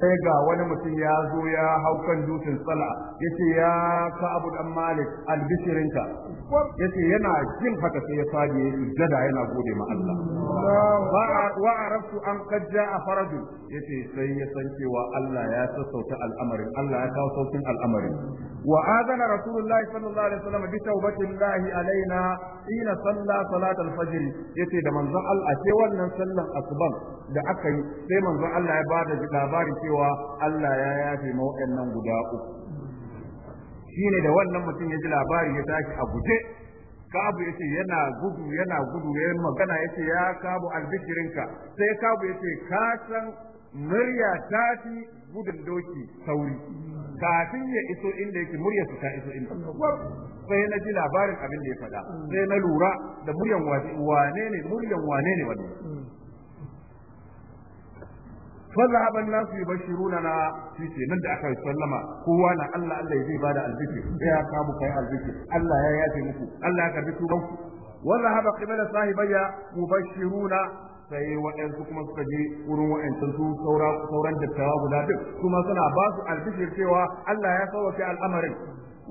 sai ga wani mutum ya zo ya hau kan dutsen tsala yace ya ka abu dan malik albishirinka yace yana jin haka sai ya fadi ya sujjada yana gode ma Allah wa arabtu an qad jaa faraju yace sai ya san cewa Allah ya sassauta al'amarin Allah ya kawo saukin al'amarin wa adana rasulullahi sallallahu alaihi wasallam bi tawbatillahi alaina ina salla salatal fajr yace da manzon Allah ce wannan sallan asuban da aka yi sai manzon Allah ya bada labarin cewa Allah ya yafe ma guda uku shine da wannan mutum ya ji labari ya tashi a guje kabu yace yana gudu yana gudu yayin magana yace ya kabu albishirinka sai kabu yace ka san murya ta fi gudun doki sauri kafin ya iso inda yake murya su ta iso inda sai na ji labarin abin da ya faɗa sai na lura da muryan wane ne muryan wane ne wannan فذهب الناس na في nan da aka sallama kowa na Allah Allah zai bada sai ya kamu kai albishir Allah ya yafe muku Allah ya karbi tuban ku وذهب قبل صاحبيا مبشرون sai waɗansu kuma suka je wurin waɗancan su sauran dattawa guda duk kuma suna basu su cewa Allah ya sauwake al'amarin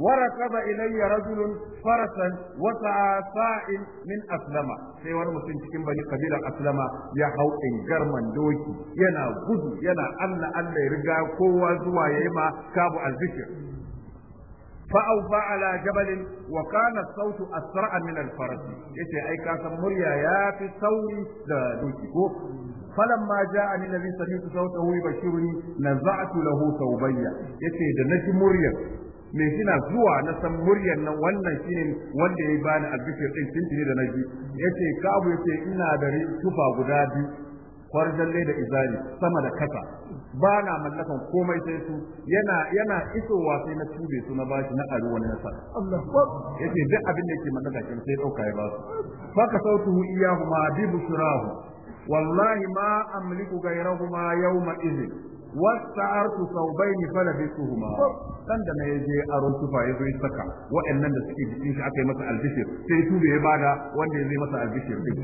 وركب إلي رجل فرسا وسعى ساع من أسلمة sai wani mutum cikin bani kabilar aslama ya hau in garman doki yana gudu yana allah allah ya riga kowa zuwa ya yi ma kabu alzikir فأوفى على جبل وكان الصوت أسرع من الفرس يتي أي كاسم مريا يا في الصوت دوتيكو فلما جاءني الذي سمعت صوته يبشرني نزعت له ثوبيا يتي دنج مريا me kina zuwa na san muryan nan wannan shine wanda ya bani albishir din tuntuni da naji yace kabu yace ina da tufa guda biyu kwarjalle da izari sama da kasa ba na mallakan komai sai su yana yana isowa sai na tube su na bashi na aro wani nasa yace duk abin da yake mallaka kin sai dauka ya ba su faka sautuhu iyahu ma bi bushrahu wallahi ma amliku gairahuma yawma idhin wasta'artu thawbayn falabisuhuma dan da nayi je aron tufa yazo saka waɗannan da suke bikin shi aka masa albishir sai tube ya bada wanda ya zai masa albishir din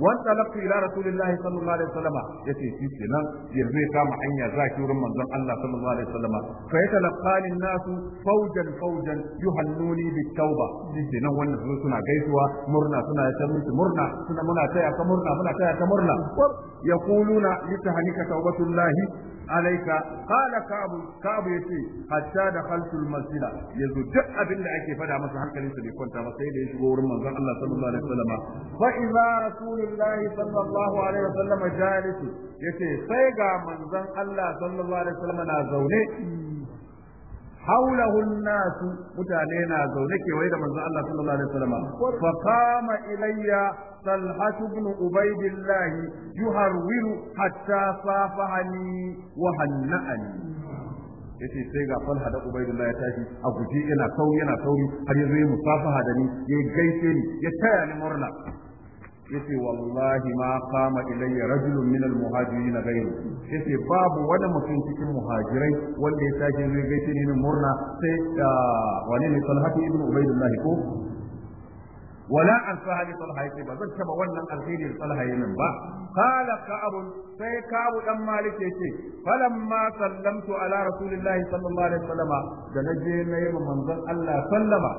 wanda lafi ila rasulullahi sallallahu alaihi wasallam yace shi kenan yanzu ya kama hanya zaki wurin manzon Allah sallallahu alaihi wasallam fa yatalaqani nasu faujan-faujan, yuhannuni bitauba shi kenan wannan suna gaisuwa murna suna ta miki murna suna muna taya ka murna muna taya ka alaika qala ka'bu ka'bu yace hatta dakhaltul masjid yazo duk abin da ake fada masa hankalin sa bai kwanta ba sai da ya shigo wurin manzon Allah sallallahu alaihi wasallam fa idza rasulullahi sallallahu alaihi wasallam jalis yace sai ga manzon Allah sallallahu alaihi wasallam na zaune haulahu nasu mutane na zaune kewaye da manzon Allah sallallahu alaihi wasallam fa qama ilayya talhat ibn ubaydillah yuharwiru hatta safahani wa hanna'ani yace sai ga falha da ubaydillah ya tashi a guje yana sauri yana sauri har yanzu ya musafaha da ni ya gaishe ni ya taya ni murna yace wallahi ma qama ilayya rajulun min almuhajirin ghayru yace babu wani mutum cikin muhajirai wanda ya tashi zai gaishe ni murna sai ah, wani ne talhatu ibn ubaydullah ko ولا أنسى هذه طلحة ba? ذن كما ولن الخير طلحة ينبع قال كعب سي كعب أم مالك يتي فلما سلمت على رسول الله صلى الله عليه وسلم دنجي نيم منظر Allah sallama.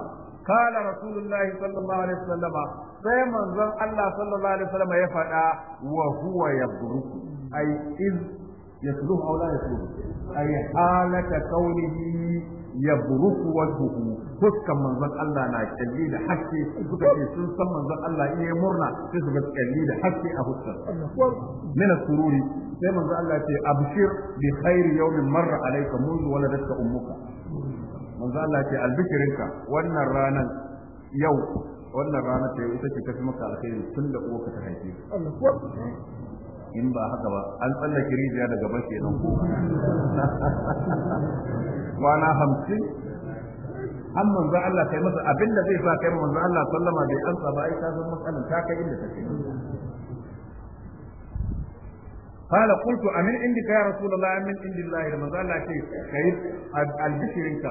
قال رسول الله صلى الله عليه وسلم sai manzon Allah sallallahu alaihi wasallam ya faɗa wa huwa yabruku ay iz yasluhu aw la yasluhu ay halata kaunihi yabruku wajhuhu fuskan manzon Allah na kalli da haske suka ce sun san manzon Allah in yayi murna sai suka kalli da haske a fuskar min sururi sai manzon Allah ya ce abshir bi khairi yawmin marra alayka منذ ولدتك ummuka manzo Allah ce wannan ranar yau wannan ranar ta ita ce tafi maka tun da uwarka ta haife in ba haka ba an tsallake rijiya daga bashi nan ko kwana hamsin an manzo Allah kai masa abin da zai sa kai manzo Allah sallama bai ansa ba ai ka san matsalan ta kai inda take قال قلت أمن عندك يا رسول الله من عند الله لما قال لك كيف البشرك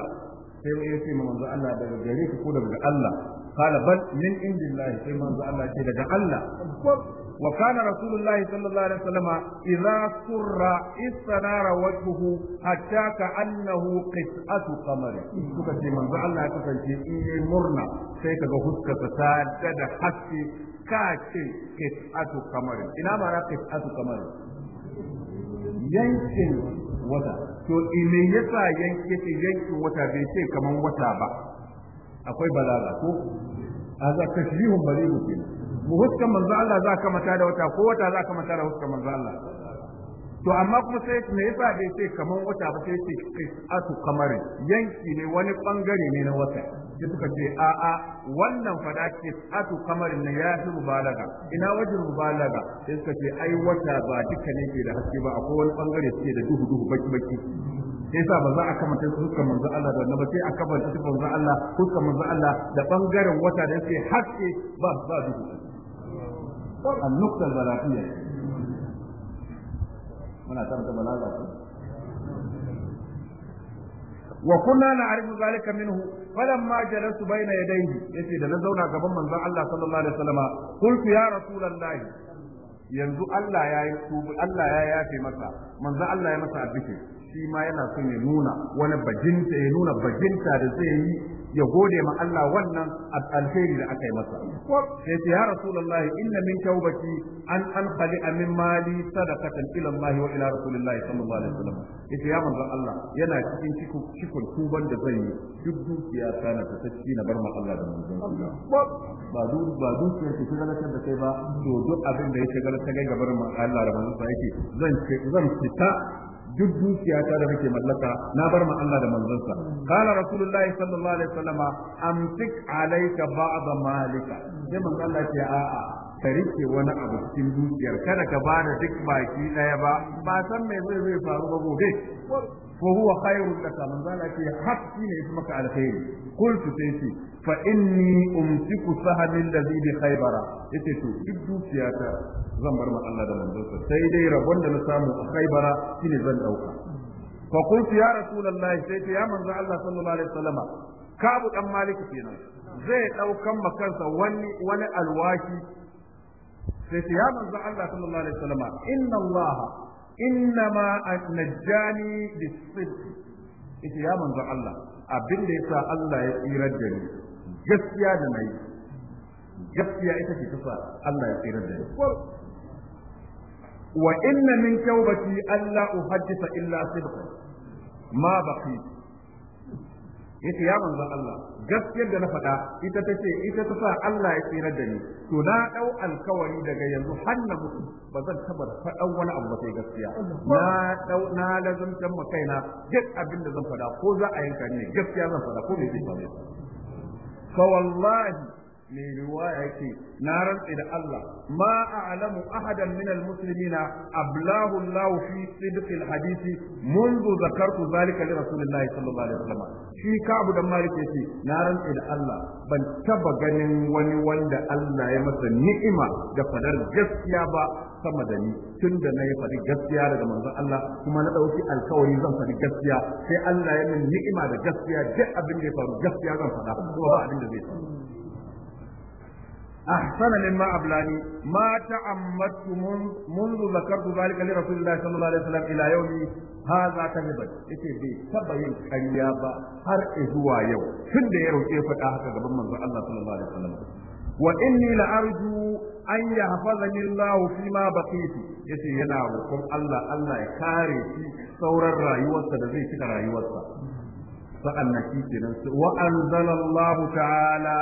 sai ya ce manzo Allah daga gare ka ko daga Allah Kala bal min indillahi sai manzo Allah ce daga Allah wa kana rasulullahi sallallahu alaihi wasallam idza surra istanara wajhuhu hatta annahu qit'atu qamar suka ce manzo Allah ya kasance in murna sai kaga huskarsa ta da haske ka ce qit'atu qamar ina mara qit'atu qamar yankin wata to me yasa yanke ce yanke wata bai ce kaman wata ba akwai balaga ko a za ka shihun baligu mu huskan manzo Allah za ka mata da wata ko wata za ka mata da huskan manzo Allah to amma kuma sai me yasa bai ce kaman wata ba sai ce asu kamarin, yanki ne wani bangare ne na wata sai suka ce a a wannan fada asu kamarin na ya fi mubalaga ina wajin mubalaga sai suka ce ai wata ba duka ne ke da haske ba akwai wani bangare suke da duhu duhu baki baki Sai sa ba za a su fuskar manzo Allah da ba sai a kamanta fuskar manzo Allah fuskar manzo Allah da bangaren wata da yake haske ba ba duhu النقطة البلاغية muna karanta balaga ko wa kunna na'rifu zalika minhu falamma jalasu baina yadayhi yace da na zauna gaban manzon Allah sallallahu alaihi wasallama qultu ya rasulullahi yanzu Allah ya yi Allah ya yafe masa manzon Allah ya masa addike shi ma yana son ya nuna wani bajinta ya nuna bajinta da zai yi ya gode ma Allah wannan alheri da aka yi masa Ya ce ya rasulullah inna min tawbati an an khali min mali sadaqatan ila Allah wa ila rasulillah sallallahu alaihi wasallam yace ya manzo Allah yana cikin cikin cikin tuban da zan yi duk dukiya ta na tsacci na bar ma Allah da manzon Allah ba duk ba dukiya ce kaga da kai ba to duk abin da yake galatar ga bar ma Allah da manzon sa yake zan zan fita duk dukiya ta da nake mallaka na bar ma Allah da manzansa qala rasulullahi sallallahu alaihi wasallama amsik alayka ba'd malika sai manzo Allah ce a'a ka rike wani abu cikin dukiyar kada ka ba da duk baki daya ba ba san me zai zai faru ba gobe ko huwa khairun laka manzo Allah ce hakki ne maka alkhairi qultu sai ce fa inni umsiku sahamin da zai bi khaybara yace to duk dukiyata zan bar ma Allah da manzonsa sai dai rabon da na samu a khaybara shine zan dauka fa qultu ya rasulullahi sai ta ya manzo Allah sallallahu alaihi wasallama kabu dan maliki kenan zai daukan makansa wani wani alwashi sai ta ya manzo Allah sallallahu alaihi wasallama inna Allah innama najjani bis-sidq ita ya manzo Allah abin da yasa Allah ya tsirar da ni gaskiya da nayi gaskiya ita ce tufa Allah ya tsira da ni wa inna min tawbati Allah uhaddisa illa sidqan ma baqi yace ya manzon Allah gaskiyar da na faɗa ita ta ce ita ta sa Allah ya tsira da ni to na dau alkawari daga yanzu har mutu ba zan taba faɗan wani abu ba sai gaskiya na dau na lazumtan ma kaina duk abin da zan faɗa ko za a yanka ne gaskiya zan faɗa ko me zai faru فوالله mai riwaya yake na rantsi da Allah ma a'lamu ahadan min al-musulmi na Allah fi sidq alhadith منذ ذكرت ذلك لرسول الله صلى الله عليه وسلم shi kabu dan na rantsi da Allah ban taɓa ganin wani wanda Allah ya masa ni'ima da fadar gaskiya ba sama da ni tun da na yi faɗi gaskiya daga manzon Allah kuma na ɗauki alkawari zan faɗi gaskiya sai Allah ya min ni'ima da gaskiya duk abin da ya faru gaskiya zan faɗa ko ba abin da zai faru أحسن مما أبلاني ما تعمدت منذ ذكرت ذلك لرسول الله صلى الله عليه وسلم إلى يومي هذا كذبا yace بي taba yin هر إذوا يوم فين yau tun da ya roƙe faɗa haka gaban manzon Allah wa inni la arju an yahfazani Allah fi ma baqitu yace yana roƙon Allah Allah ya kare shi sauran rayuwarsa da zai cika rayuwarsa sa'annan shi kenan wa anzala ta'ala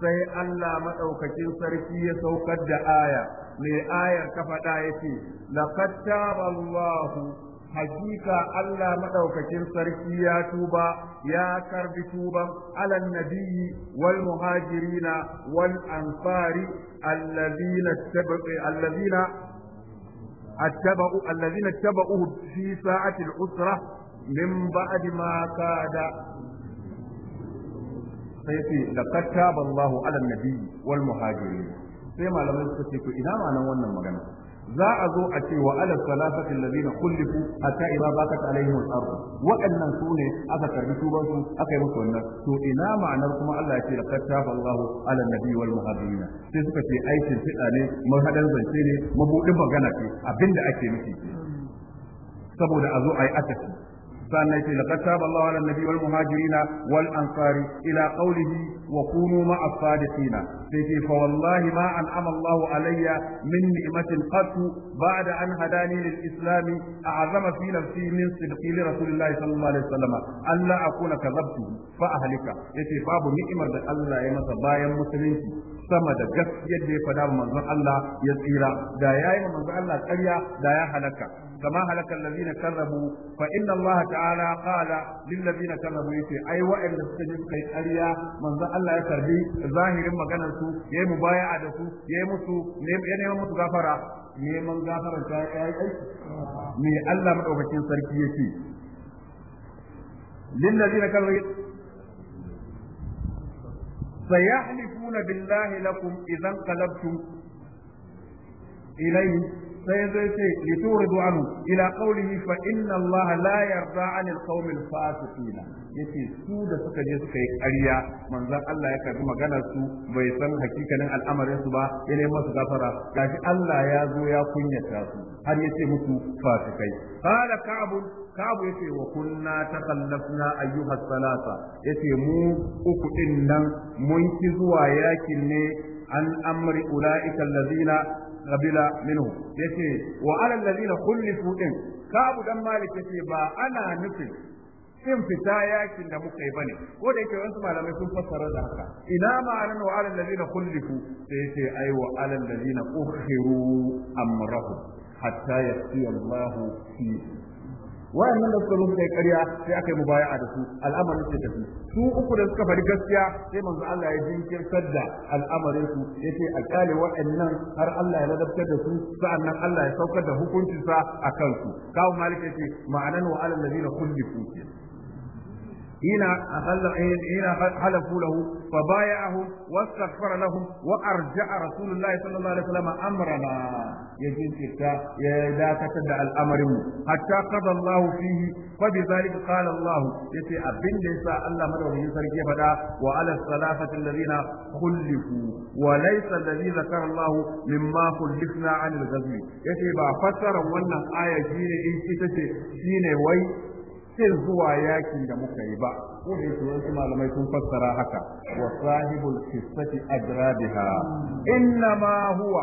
sai Allah madaukakin sarki ya saukar da aya mai ayar ka faɗa yace laqad taba hakika Allah madaukakin sarki ya tuba ya karbi tuban alan nabiyyi wal muhajirina wal ansari alladhina tabi'u alladhina fi sa'ati usra min ba'di ma kada sai ce laqad taba Allahu ala nabiyyi wal muhajirin sai malamai suka ce to ina ma nan wannan magana za a zo a ce wa ala salafatin ladina kullifu a idza baqat alaihim al-ard waɗannan su ne aka karbi tuban aka yi musu wannan to ina ma'anar kuma Allah ya ce laqad taba Allah ala nabi wal muhajirin sai suka ce aikin fiɗa ne marhadan zance ne mabudin magana ce abinda ake nufi saboda a zo a yi akasi sannan ce laqad taba Allahu ala nabi wal muhajirina wal ansari ila qawlihi wa kunu ma as-sadiqina sai ce fa wallahi ma an Allahu alayya min ni'matin qat ba'da an hada lil islam a fi nafsi min sidqi li rasulillah sallallahu alaihi wasallam alla akuna kadhabtu fa ahlika yace babu ni'imar da Allah ya masa bayan musulunci sama da gaskiyar da ya fada manzon Allah ya tsira da yayi manzon Allah ƙarya da ya halaka kama halakal ladina karrabu fa inna Allah ta'ala qala lil ladina karrabu yace ai wa'anda suka ji suka yi ƙarya manzon Allah ya karbi zahirin maganar su yayi a da su yayi musu ya neman musu gafara neman gafara ta me Allah madaukakin sarki yake lil ladina karrabu سيحلفون بالله لكم إذا انقلبتم إليه sai ya zai ce li turidu anhu ila qawlihi fa inna Allah la yarda 'an al-qawm al-fasiqina yace su da suka je suka yi ƙarya manzon Allah ya karbi maganarsu su bai san hakikanin al'amarin su ba ya nemi masu gafara gashi Allah ya zo ya kunyata su har yace musu fasikai qala ka'ab ka'ab yace wa kunna takallafna ayyuha salasa yace mu uku din nan mun ki zuwa yakin ne an amri ula'ika allazina kabila minhu yace wa ala alladhina khulifu din kabu dan malik yace ba ana nufin Sun fita yakin da muka yi bane ko da yake wasu malamai sun fassara da haka ina ma'anan wa ala alladhina khulifu sai yace ai wa ala alladhina ukhiru amrahu hatta yasiya Allahu fi wayannan da suka rubuta ƙarya sai aka yi mubaya'a da su al'amarin sai tafi su uku da suka faɗi gaskiya sai manzo Allah ya jinkirtar da al'amarin su yace alƙali waɗannan har Allah ya ladabtar da su sa'annan Allah ya saukar da hukuncinsa a kansu, su kawo malik yace ma'anan wa alal ladina حين حين حلفوا له فبايعهم واستغفر لهم وارجع رسول الله صلى الله عليه وسلم امرنا يجين يا لا تتدع الامر حتى قضى الله فيه فبذلك قال الله يتي ابن ليس الله مدوي سرجي فدا وعلى الثلاثه الذين خلفوا وليس الذي ذكر الله مما خلفنا عن الغزو يتي با فسر wannan aya shine in ita ce shine wai sai zuwa yakin da muka yi ba ko da yake wasu malamai sun fassara haka wa sahibul qissati adrabiha inna ma huwa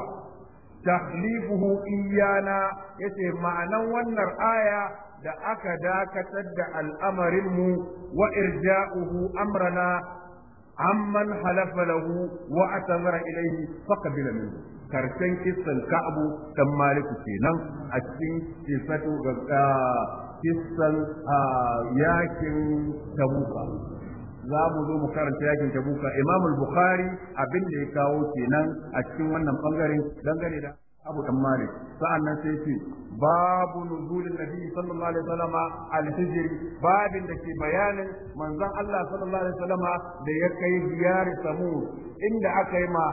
tahlifuhu iyana yace ma'anan wannan aya da aka dakatar da al'amarin mu wa irja'uhu amrana amman halafa lahu wa atamara ilayhi faqabila minhu karshen kissan ka'abu dan maliku kenan a cikin kisatu ga ah, kissan yakin tabuka za mu zo mu karanta yakin tabuka imam al-bukhari abin da ya kawo kenan a cikin wannan bangaren dangane da abu dan malik sa'annan sai ce babu nuzul nabi sallallahu alaihi wasallama al hijr babin da ke bayanin manzon Allah sallallahu alaihi wasallama da ya kai ziyarar samud inda aka yi ma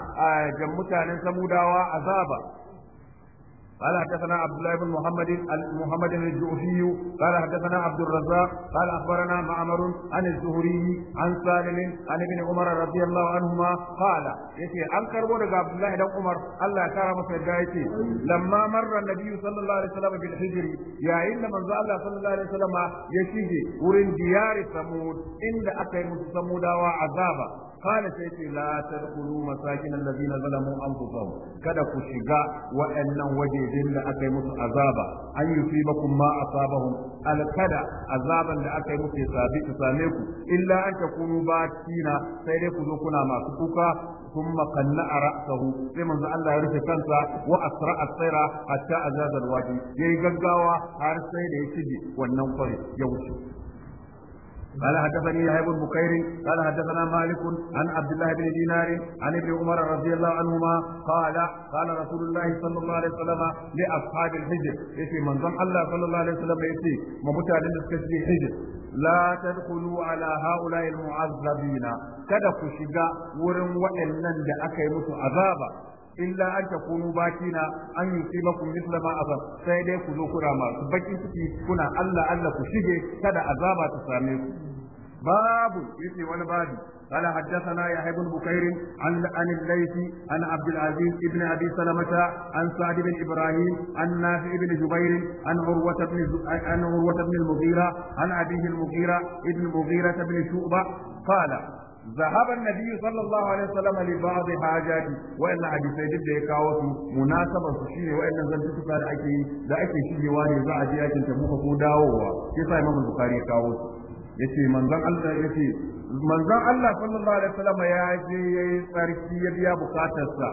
mutanen samudawa azaba قال حدثنا عبد الله بن محمد محمد الجوفي قال حدثنا عبد الرزاق قال اخبرنا معمر عن الزهري عن سالم عن ابن عمر رضي الله عنهما قال يتي عن كربو عبد الله بن عمر الله كرم سيدايتي لما مر النبي صلى الله عليه وسلم بالحجر يا ان من الله صلى الله عليه وسلم يشيجي ورين ديار ثمود ان اكاي ثمود وعذابا qala sai ce la tadkhulu masakin alladhina zalamu anfusahum kada ku shiga waɗannan wajejin da aka yi musu azaba an yusibakum ma asabahum al kada azaban da aka yi musu sabi same ku illa an takunu na, sai dai ku zo kuna masu kuka ثم قنع رأسه sai manzo Allah ya rufe kansa wa asra asira hatta azazal wadi yayi gaggawa har sai da ya shige wannan kwari ya wuce قال حدثني يحيى بن بكير قال حدثنا مالك عن عبد الله بن دينار عن ابن عمر رضي الله عنهما قال قال رسول الله صلى الله عليه وسلم لاصحاب الحجر يتي من ظن الله صلى الله عليه وسلم يتي مبتا للسكتي حجر لا تدخلوا على هؤلاء المعذبين kada ku shiga wurin waɗannan da aka yi musu azaba illa an takunu bakina an yusibakum mithla ma azab sai dai ku zo kuna masu bakin ciki kuna Allah Allah ku shige kada azaba ta same ku babu yace wani babu قال حدثنا يحيى بن بكير عن عن الليث عن عبد العزيز بن ابي سلمة عن سعد بن ابراهيم عن نافع بن جبير عن عروة بن ز... عن عروة بن المغيرة عن ابيه المغيرة ابن المغيرة بن شعبة قال ذهب النبي صلى الله عليه وسلم لبعض حاجاته وان حديثي duk da ya kawo su munasabar su shine wayannan zantuka da ake yi da ake shigewa ne za a je yakin tabuka ko dawowa yasa Imam Bukhari ya kawo su yace manzon Allah yace Allah sallallahu alaihi ya je yayi tsarki ya biya sa.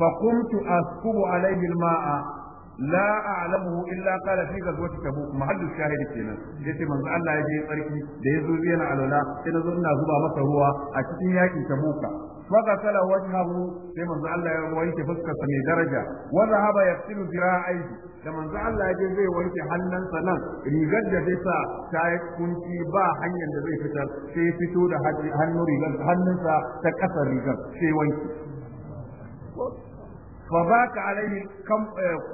fa askubu alaihi alma'a la a'lamuhu illa qala fi ghazwati tabuk mahallu shahidi kenan ce, manzo Allah ya je tsarki da yazo yana alwala sai zo na zuba masa ruwa a cikin yakin tabuka فغسل وجهه كما الله ويك فسكة من درجة وذهب يغسل ذراعيه كما الله يجي زي ويك حنن سنن aiki, da Allah ya zai wanke hannunsa nan, sa ta yi kunci ba hanyar da zai fitar sai fito da hannunsa ta ƙasa rigar sai wanki فباك عليه كم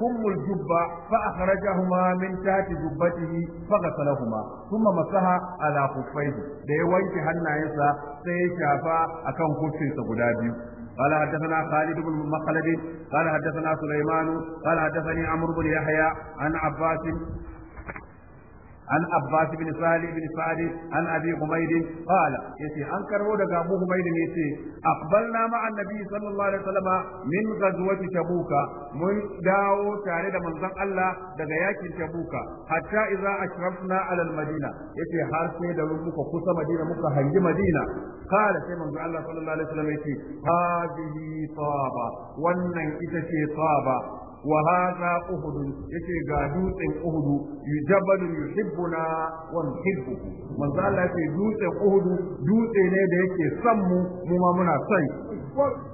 كم الجبة فأخرجهما من تحت جبته فغسلهما ثم مسها على خفيه ده يوانك هنا يسا سيشافا أكم خفين سقدابي قال حدثنا خالد بن مخلد قال حدثنا سليمان قال حدثني عمرو بن يحيى عن عباس عن عباس بن سهل بن سعد عن ابي حميد قال يسي ان كرو دغ ابو حميد يسي اقبلنا مع النبي صلى الله عليه وسلم من غزوه تبوك من داو تare da manzon Allah daga yakin tabuka hatta idza ashrafna ala almadina yace har sai da muka kusa madina muka hangi madina kala sai manzon Allah sallallahu alaihi wasallam yace hadhihi taba wannan ita ce taba wa hadha uhud yace ga dutsen uhud yujabal yuhibbuna wa nuhibbuhu manzo Allah yace dutsen uhud dutse ne da yake son mu mu muna son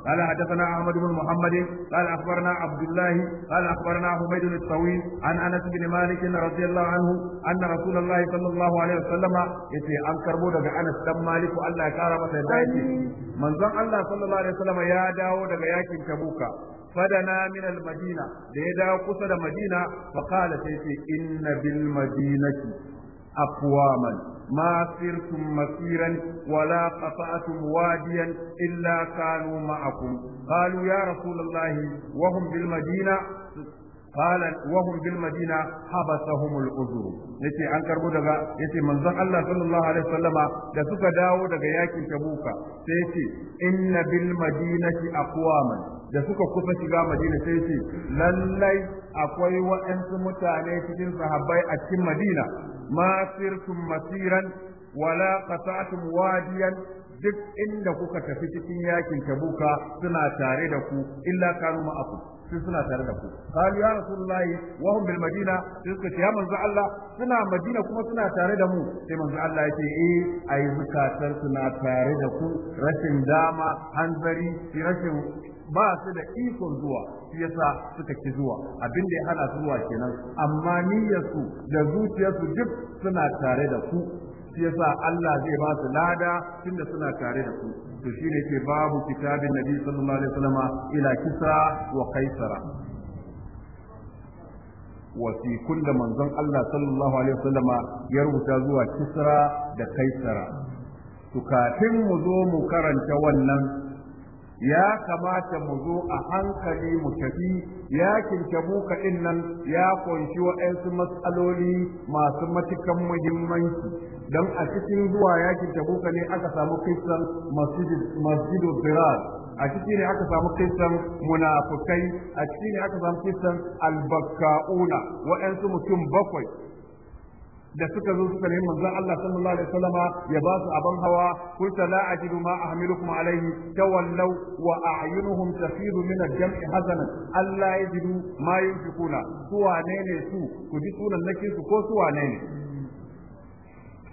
قال حدثنا احمد بن محمد قال اخبرنا عبد الله قال اخبرنا حميد الطويل عن انس بن مالك رضي الله عنه ان رسول الله صلى الله عليه وسلم yace an karbo daga Anas dan Maliku Allah ya kara masa yadda yake manzon Allah sallallahu alaihi wasallam ya dawo daga yakin Tabuka fadana min al-madina da ya dawo kusa da madina fa qala sai ce inna bil madinati aqwaman ma sirtum masiran wala qata'tum wadiyan illa kanu ya قال وهم بالمدينة حبسهم العذر yace Allah sallallahu alaihi wasallama da suka dawo daga yakin Tabuka sai yace inna da suka kusa shiga madina sai ce lallai akwai waɗansu mutane cikin sahabbai a cikin madina ma sirtum masiran wala qata'tum wadiyan duk inda kuka tafi cikin yakin tabuka suna tare da ku illa kanu ma'akum sai suna tare da ku qalu ya rasulullahi wa hum bil madina sai ya manzo Allah suna madina kuma suna tare da mu sai manzo Allah yake eh ayi zukatar suna tare da ku rashin dama hanzari rashin ba su da ikon zuwa shi yasa suka ki zuwa abin da ya hana su zuwa kenan amma niyyarsu da zuciyarsu duk suna tare da ku shi yasa Allah zai ba su lada tunda suna tare da su to shine ke babu kitabin Nabi sallallahu alaihi wasallama ila Kisra wa Kaisara wasikun da manzon Allah sallallahu alaihi wasallama ya rubuta zuwa Kisra da Kaisara to kafin mu zo mu karanta wannan ya kamata mu zo a hankali mu tafi yakin tabuka din nan ya kunshi waɗansu matsaloli masu matukan muhimmanci don a cikin zuwa yakin tabuka ne aka samu kisan masjidu zirar a ciki ne aka samu kisan munafukai a ciki ne aka samu kisan albakka'una waɗansu mutum bakwai da suka zo suka nemi manzon Allah sallallahu alaihi wasallama ya ba su aban hawa ta la ajidu ma ahmilukum alaihi tawallaw wa a'yunuhum tafidu min al-jam'i hazanan alla yajidu ma yunfikuna su wane ne su ku ji sunan nake su ko su wane ne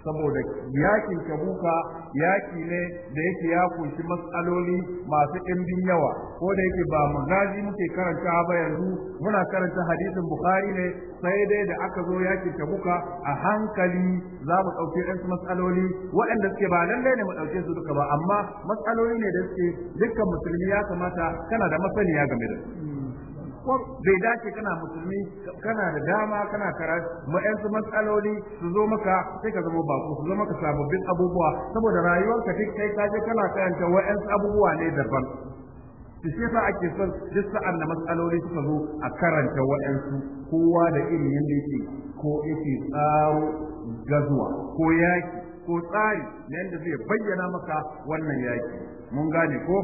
saboda yakin kabuka yaki ne da yake ya kunshi matsaloli masu ɗimbin yawa ko da yake ba mu magazi muke karanta ba yanzu muna karanta hadisin bukhari ne sai dai da aka zo yakin tabuka a hankali za mu ɗauki ɗansu matsaloli waɗanda suke ba lallai ne mu ɗauke su duka ba amma matsaloli ne da suke dukkan musulmi ya kamata kana da masaniya game da su akbar bai dace kana musulmi kana da dama kana karatu mu matsaloli su zo maka sai ka zama bako su zo maka sababbin abubuwa saboda rayuwarka duk kai ka je kana karanta wa'ansu abubuwa ne daban da shi fa ake son duk sa'an da matsaloli suka zo a karanta waɗansu kowa da irin yadda yake ko yake tsaro gazuwa ko yaki ko tsari na yadda zai bayyana maka wannan yaki mun gane ko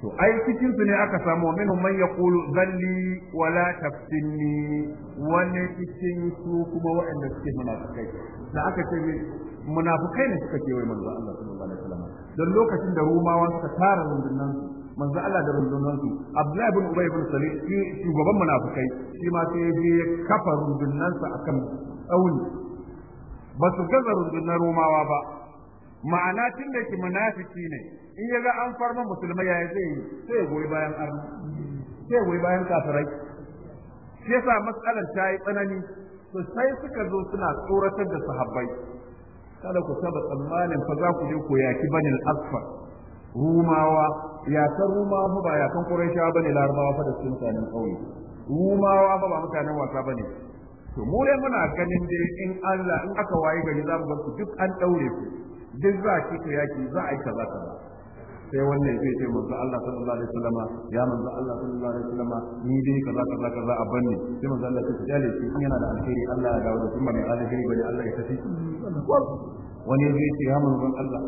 to ai cikin su ne aka samu minhum man yaqulu zalli wala taftinni wani cikin su kuma waɗanda suke munafikai da aka ce munafikai ne suka wai manzo Allah sallallahu alaihi wasallam don lokacin da rumawa suka tara rundunan manzo Allah da rundunan su Abdullah ibn Ubay ibn Salih shi shugaban munafikai shi ma sai je kafa rundunan sa akan auni ba su gaza rundunar rumawa ba ma'ana tun da ki munafiki ne in ya ga an farma musulmai yaya zai yi sai goyi bayan arna sai goyi bayan kafirai shi yasa matsalar ta yi tsanani to sai suka zo suna tsoratar da sahabbai kada ku saba tsammanin fa za ku je ku yaki banil asfa. rumawa yakan rumawa fa ba ya yakan quraisha bane larabawa fa da sun mutanen kauye rumawa fa ba mutanen wasa bane to mu dai muna ganin dai in Allah in aka waye gari za mu ga duk an daure ku duk za a ci yaki za a yi kaza kaza sai wannan zai ce manzo Allah sallallahu alaihi wasallam ya manzo Allah sallallahu alaihi wasallam ni dai kaza kaza kaza a banne sai manzo Allah ya tsale shi in yana da alheri Allah ya dawo da kuma mai alheri bane Allah ya tafi wani zai ce ya manzo Allah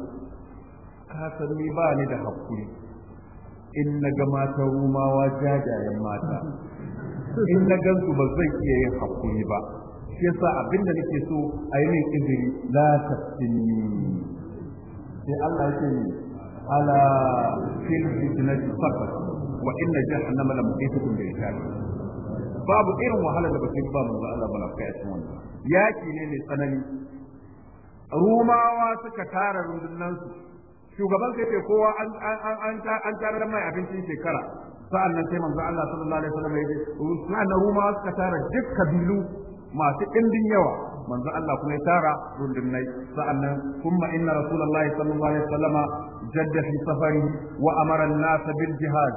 ka san ni ba ni da hakuri in na ga mata rumawa jajayen mata in na gansu ba zan iya yin hakuri ba shi yasa abin da nake so a yi min izini la taftinni sai Allah ya ce ala fil fitnati faqat wa inna jahannama la muhithatun bil kafirin babu irin wahala da bakin ba manzo Allah bala kai a cikin yaki ne mai tsanani rumawa suka tara su. shugaban sai ce kowa an an an an tarar mai abincin shekara sa'an nan sai manzo Allah sallallahu alaihi wasallam ya ce sa'an rumawa suka tara duk kabilu masu ɗimbin yawa manzo Allah kuma ya tara rundunai sa'annan kuma inna rasulullahi sallallahu alaihi wasallama jadda fi safari wa amara an-nas bil jihad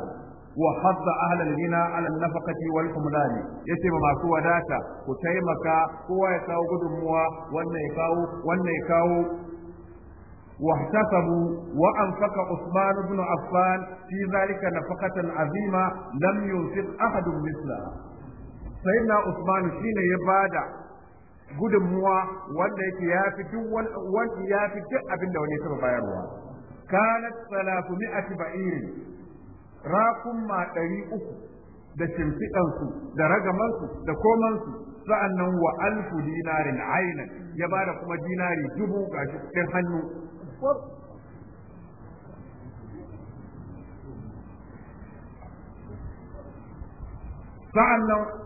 wa hadda ahla al-ghina ala an-nafaqati wal humlan yace ba masu wadata ku taimaka kowa ya kawo gudunmuwa wannan ya kawo wannan ya kawo واحتسبوا وأنفق عثمان بن عفان في ذلك نفقة عظيمة لم ينفق أحد مثلها sayyidina Usman shine ya bada gudunmuwa wanda yake ya fi duk wani ya fi duk abin da wani taba bayarwa kanat salatu mi'ati ba'iri rakun ma ɗari uku da shimfiɗansu da ragamansu da komansu sa'annan wa alfu dinarin aina ya bada kuma dinari dubu ga cikin hannu sa'annan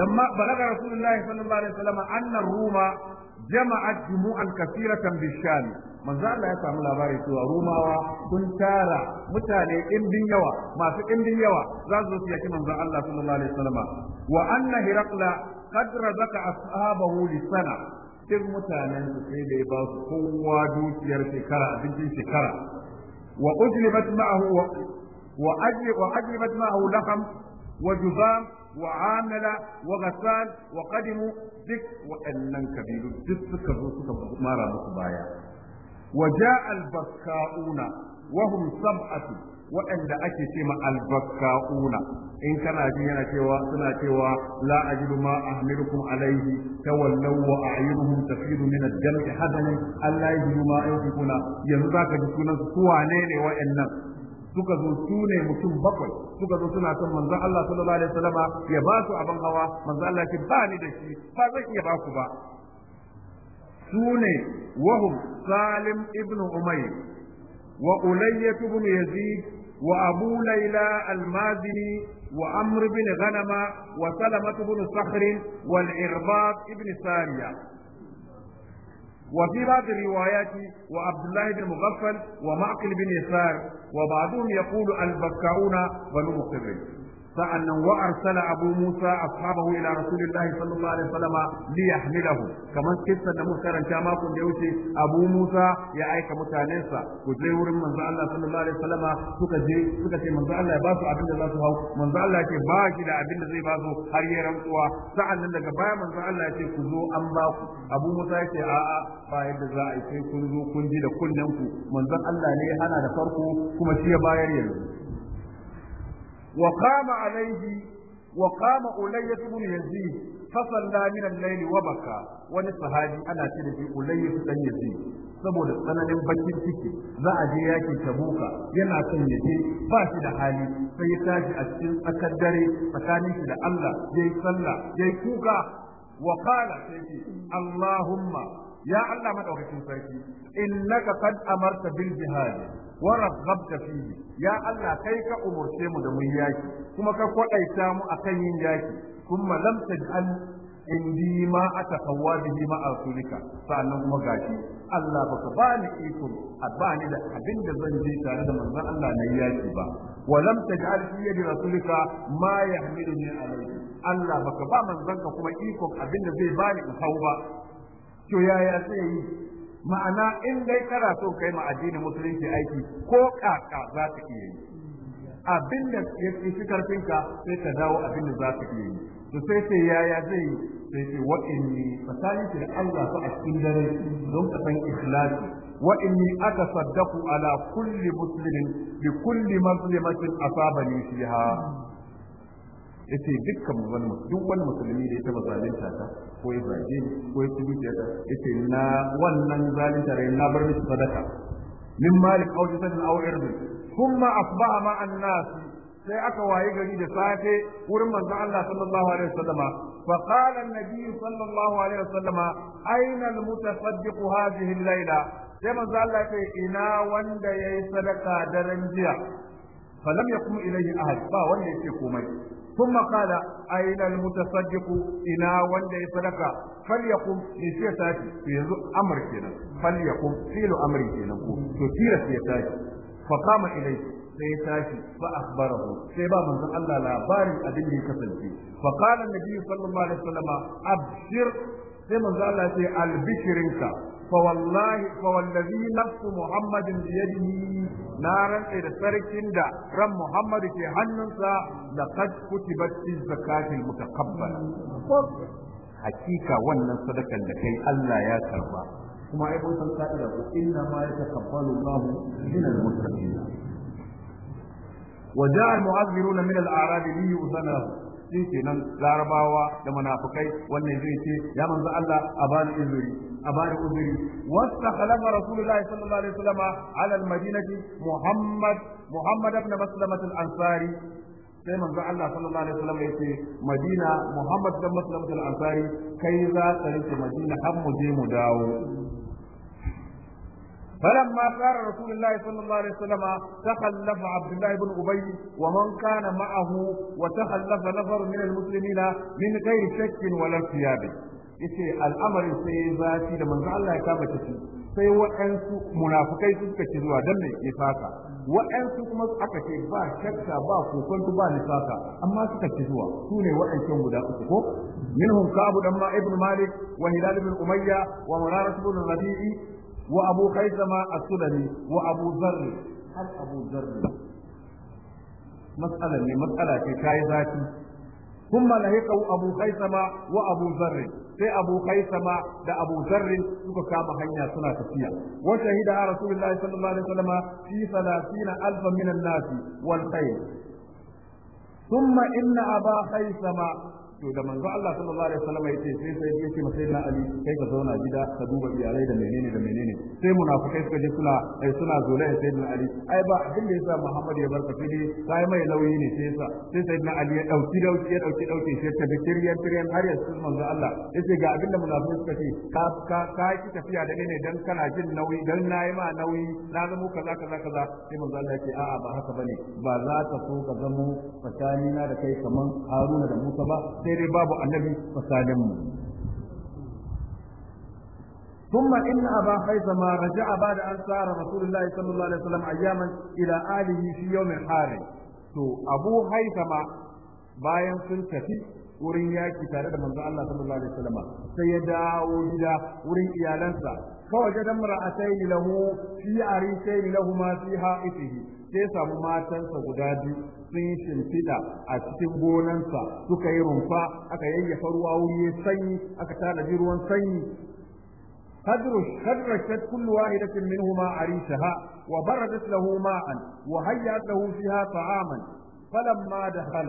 لما بلغ رسول الله صلى الله عليه وسلم أن الروم جمعت جموعا كثيرة بالشام من ذا الله يسعى من لاباري سوى روما وكنتارا متاني اندين يوا ما في اندين يوا ذا سيكي من ذا الله صلى الله عليه وسلم وأن هرقل قد رزق أصحابه لسنة duk mutanen su sai da ya ba su kowa dukiyar shekara abincin shekara wa ujlibat ma'ahu wa ajlibat ma'ahu laham wa juzam duk وغسان وقدموا ذك وأنن كبير جسك الرسول مارا مصبايا وجاء البكاؤون وهم سبعة waɗanda ake ce ma in kana ji yana cewa suna cewa la ajidu ma ahmilukum alaihi tawallaw wa a'yunuhum tafidu min ad-dam'i hazanan alla yajidu ma yanzu zaka ji sunan su ne suka zo su ne mutum bakwai suka zo suna son manzon Allah sallallahu alaihi wasallama ya ba su abin hawa manzon Allah ce ba ni da shi ba zan iya ba ku ba su ne wahum salim ibn umayr wa ulayyah ibn yazid wa abu layla al-madini وعمرو wa غنمة وسلمة بن wal والإرباط Ibn Sariya. وفي بعض الروايات وعبد الله بن مغفل ومعقل بن يسار وبعضهم يقول البكاؤون بنو مقرين sa'annan wa arsala abu musa ashabahu ila rasulillahi sallallahu alaihi wasallam li yahmilahu kamar kissan da muka karanta makon da wuce abu musa ya aika mutanensa ku je wurin manzo Allah sallallahu alaihi wasallam suka je suka ce manzo Allah ya ba su abin da za su hau manzo Allah ya ce ba shi da abin da zai ba su har ya rantsuwa sa'annan daga baya manzo Allah ya ce ku zo an ba ku abu musa ya ce a'a ba yadda za a yi sai kun zo kun ji da kunnen ku manzon Allah ne hana da farko kuma shi ya bayar yanzu وقام عليه وقام أولية بن يزيد فصلى من الليل وبكى ونصحابي أنا تلفي أولية بن يزيد saboda tsananin bakin ciki za a je yakin tabuka yana son ya je ba shi da hali sai ya tashi a cikin tsakar dare tsakanin shi da Allah yayi sallah yayi kuka wa qala sai Allahumma ya Allah madaukakin sarki innaka qad amarta bil jihad wa raghabta fihi ya Allah kai ka umarce mu da mun yaki kuma ka kwadaita mu akan yin yaki kuma lam taj'al indi ma atakawwa bihi ma sannan kuma gashi Allah baka bani iko a bani da abin da zan je tare da manzon Allah na yaki ba wa lam taj'al fi yadi rasulika ma yahmiluni alayhi Allah baka ba manzon ka kuma iko abin da zai bani in hau ba to yaya zai yi ma'ana in dai kana so kai ma addinin musulunci aiki ko kaka za ka iya yi abin da ya fi karfinka sai ka dawo abin da za ka iya yi to sai sai yaya zai yi sai ce wa inni fasalin da Allah fa a cikin dare don ka san ikhlasi wa inni aka saddaku ala kulli muslimin bi kulli mazlimatin asabani fiha yace dukkan wani duk wani musulmi da ya taba zalunta ta ko ya zage ko ya ci dukiya ta yace na wannan zalunta rai na bar miki sadaka min malik aw jisan aw irdi kuma asbaha ma an-nas sai aka waye gari da safe wurin manzon Allah sallallahu alaihi wasallam fa qala an-nabi sallallahu alaihi wasallam aina al-mutasaddiq hadhihi al-laila sai manzon Allah ya ina wanda yayi sadaka daren jiya lam yakum ilayhi ahad ba wanda yake komai ثم قال أين المتصدق إنا وند صدقة فليقم لسياساتي في أمر كنا فليقم فيل أمر كنا تثير سياساتي فقام إليه sai ya tashi fa akhbarahu sai ba manzon Allah labarin abin da ya kasance fa qala nabi sallallahu alaihi wasallam abshir sai manzon Allah ya ce fa wallahi fa wallazi muhammadin na rantse da sarkin da ran Muhammadu ke hannunsa laqad kutibat fi zakatil mutaqabbala hakika wannan sadakan da kai Allah ya karba kuma ai mun san ka'ida ko inna ma yataqabbalu Allahu min al-muttaqin وجاء المعذرون من الأعراب ليؤذن لهم shi kenan larabawa da munafukai wannan zai ce ya manzo Allah a bani izuri a bani uzuri wasta khalafa rasulullahi sallallahu alaihi wasallam ala almadinati muhammad muhammad ibn maslamat al-ansari sai manzo Allah sallallahu alaihi wasallam yace Madina Muhammad dan Muslim al-Ansari kai za ka rike Madina har mu je mu dawo فلما صار رسول الله صلى الله عليه وسلم تخلف عبد الله بن أبي ومن كان معه وتخلف نفر من المسلمين من غير شك ولا ارتياب yace al'amarin sai ya da manzo Allah ya kama ciki sai waɗansu munafukai suka ci zuwa dan mai ifaka waɗansu kuma aka ce ba shakka ba kokonto ba nifaka amma suka ci zuwa su ne waɗancan guda uku ko minhum ka'ab dan ma malik wani hilal ibn umayya wa rabi'i وأبو خيثمة السلمي وأبو ذر هل أبو ذر مسألة مسألة كاي ذاتي ثم لهقه أبو wa abu ذر sai abu kaisama da abu zarrin suka kama hanya suna tafiya wa shahida rasulullahi sallallahu alaihi wasallam fi 30 alfa min an wal ثم إن أبا خيثمة to da manzo Allah sallallahu alaihi wasallam yace sai sai yace masai na Ali kai ka zauna gida ka duba iyalai da menene da menene sai munafikai suka je suna ai eh, suna zola sai na Ali ai ba abin da yasa Muhammad ya barka sai sai mai nauyi ne sai yasa sai sai na Ali ya dauki dauki ya dauki dauki sai ta bikiriyar kiriyar har ya sun manzo Allah yace ga abin da munafikai suka ce ka ka ka ki tafiya da ni ne dan kana jin nauyi dan nayi ma nauyi na zamo kaza kaza kaza sai manzo Allah yace a'a ba haka bane ba za ta so ka zamo tsakanina da kai kaman Haruna da Musa ba sai sai dai babu annabi fasadin mu ثم إن أبا خيثمة رجع بعد أن سار رسول الله صلى الله عليه وسلم أياما إلى آله في يوم الحارث to abu haisama bayan sun tafi wurin yaki tare da manzo Allah sallallahu alaihi wasallam sai ya dawo gida wurin iyalansa kawai da mar'atayn lahu fi arishayni lahumma fi ha'itihi sai samu matansa guda biyu sun yi shimfiɗa a cikin gonansa suka yi rumfa aka yayyafa ruwa wuri sanyi aka tanaji ruwan sanyi خدرشت كل واحدة منهما عريشها وبردت له ماء وهيأت له فيها طعاما فلما دخل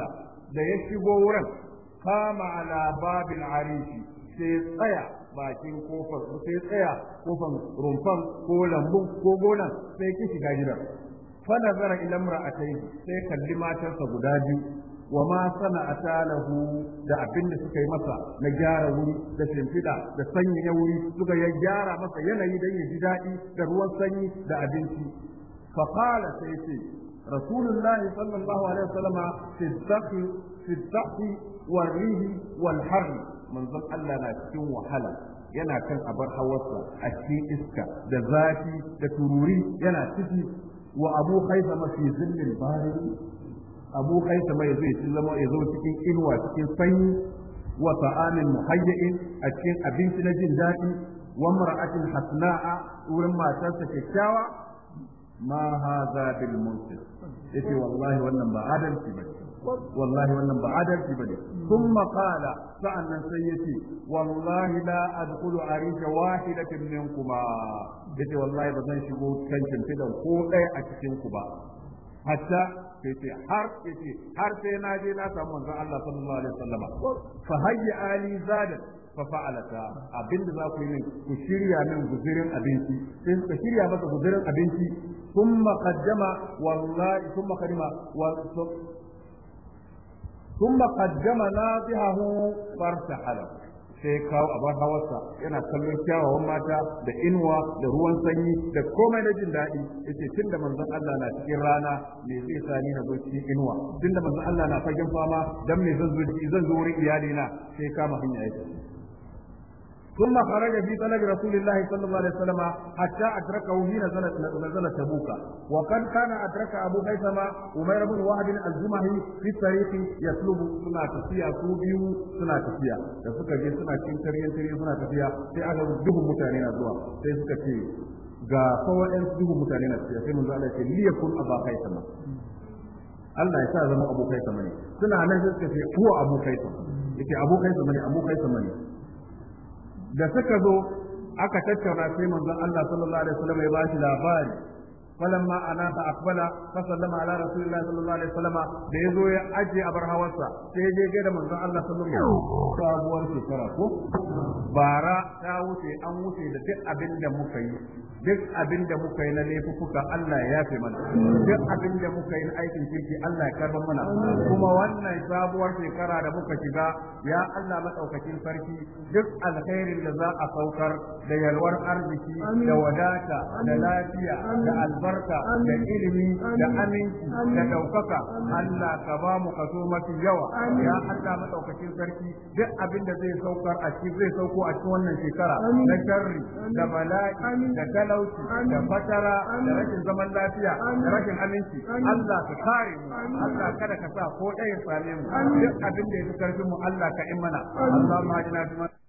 da ya shigo wurin kama ala babin arifi sai tsaya bakin kofar sai tsaya kofar rumfan ko lambun ko gonan sai ki shiga gidan fa nazara ila imra'atayn sai kalli matarsa guda biyu wa ma sana'ata lahu da abin da suka yi masa na gyara wuri da shimfiɗa da sanyaya wuri suka ya gyara masa yanayi don ya ji daɗi da ruwan sanyi da abinci fa qala sai ce rasulullahi sallallahu alaihi wasallama fi والريه والحر من ظن ألا ناتكين وحلا ينا كان أبر حوصة أشي إسكا دزاتي دتروري ينا تجي وأبو خيثمة في ظل البارد أبو خيثمة يزوي سلمة يزوي تكين إنوى تكين صيني وطعام مهيئ أتكين أبنت نجن ذاتي وامرأة حسناء ولما تنسى كشاوة ما هذا بالمنصف يتي والله وانا ما عدل في بشي wallahi wannan ba adalci bane thumma qala sa'annan sai yace wallahi la adkhulu arisha wahidatin minkuma yace wallahi ba zan shigo tankin fidan ko ɗaya a cikin ku ba hatta yace har har sai na je na samu manzon Allah sallallahu alaihi wasallam fa hayya ali zadat fa fa'alata abinda za ku yi min ku shirya min guzurin abinci sai suka shirya masa abinci ثم قدم والله ثم قدم ثم قدم ناطحه فارتحله sai kawo a bar hawarsa yana kallon kyawawan mata da inuwa da ruwan sanyi da komai na jin daɗi yace tun da manzon Allah na cikin rana me zai sa ni na zo cikin inuwa tun da manzon Allah na fagen fama don mai zan zo zan zo wurin iyalina sai kama hanya yake ثم خرج في طلب رسول الله صلى الله عليه وسلم حتى أدركه حين نزلت نزلت تبوك وقد كان أدرك أبو خيثمة أمير بن وهب الجمحي في الطريق يسلب سنة تسيا سوبيو سنة تسيا يسوك جي سنة تنترين ترين سنة تسيا في أغلب جهو متانين أدوا سيسوك تي ga kowa ɗan duhu mutane na tafiya sai mun zala ce liyakun aba kaitama Allah ya sa zama abokai sama ne suna nan sai suka ce kuwa abokai sama yake abokai sama ne abokai sama ne da suka zo aka tattauna sai manzon Allah sallallahu alaihi wasallam ya bashi labari falamma ta aqbala fa sallama ala rasulillah sallallahu alaihi wasallam da yazo ya aje hawarsa sai je ga manzon Allah sallallahu alaihi wasallam sabuwar shekara ko bara ta wuce an wuce da duk abin da muka yi duk abin da muka yi na laifuka Allah ya yafe mana duk abin da muka yi na aikin kirki Allah ya karba mana kuma wannan sabuwar shekara da muka shiga ya Allah madaukakin sarki duk alkhairin da za a saukar da yalwar arziki da wadata da lafiya da albarka da ilimi da aminci da daukaka Allah ka ba mu kaso mafi yawa ya Allah madaukakin sarki duk abin da zai saukar a cikin zai sauko a cikin wannan shekara na sharri da bala'i da kala. talauci da fatara da rashin zaman lafiya da rashin aminci Allah ka kare mu Allah kada ka sa ko ɗaya same mu duk abin da ya fi karfin mu Allah ka imana Allah ma jina